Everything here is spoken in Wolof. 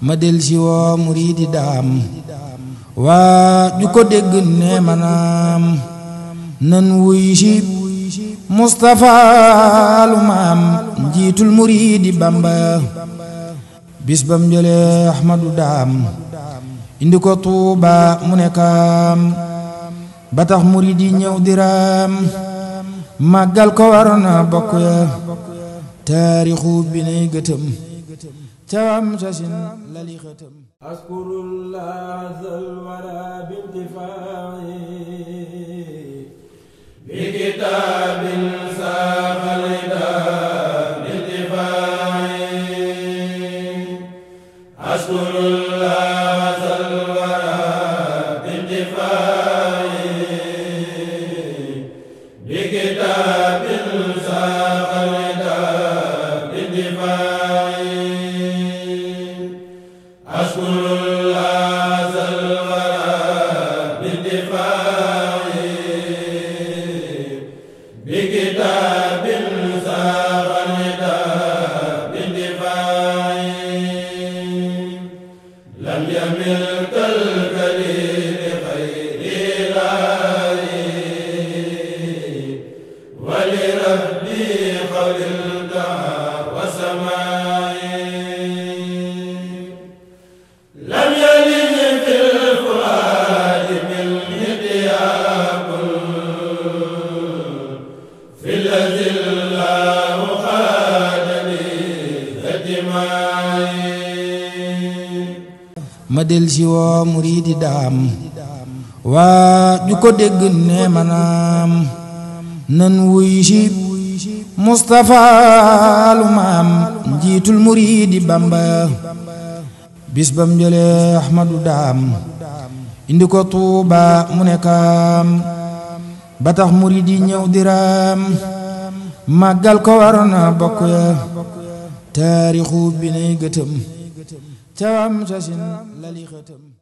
ma del si woo muriidi daam waa ju ko dégg ne manaam nan wuy si Mustapha lu maam njiitul muriidi Bamba bis bam jëlee Ahmadu daam indi ko Tuuba mu nekkaam ba tax muriid ñëw diraam màggal ko waroon na bokk ya taarixu bi nay gëtëm توام ساسين للي ختم أذكر الله ذا الورى بانتفاعي بكتاب ساق الإدام بانتفاعي أذكر الله ذا الورى بانتفاعي بكتاب bi ma del si woo muriidi daam waa ju ko dégg ne manaam nan wuy si Mustafaa lu maam njiitul muriidi Bamba bis bam jëlee Ahmadu daam indi ko Tuuba mu nekkaam ba tax muriidi ñëw diraam màggal ko waroon na bokk ya taarixu bi nay gëtëm cawam sasin lali xëtëm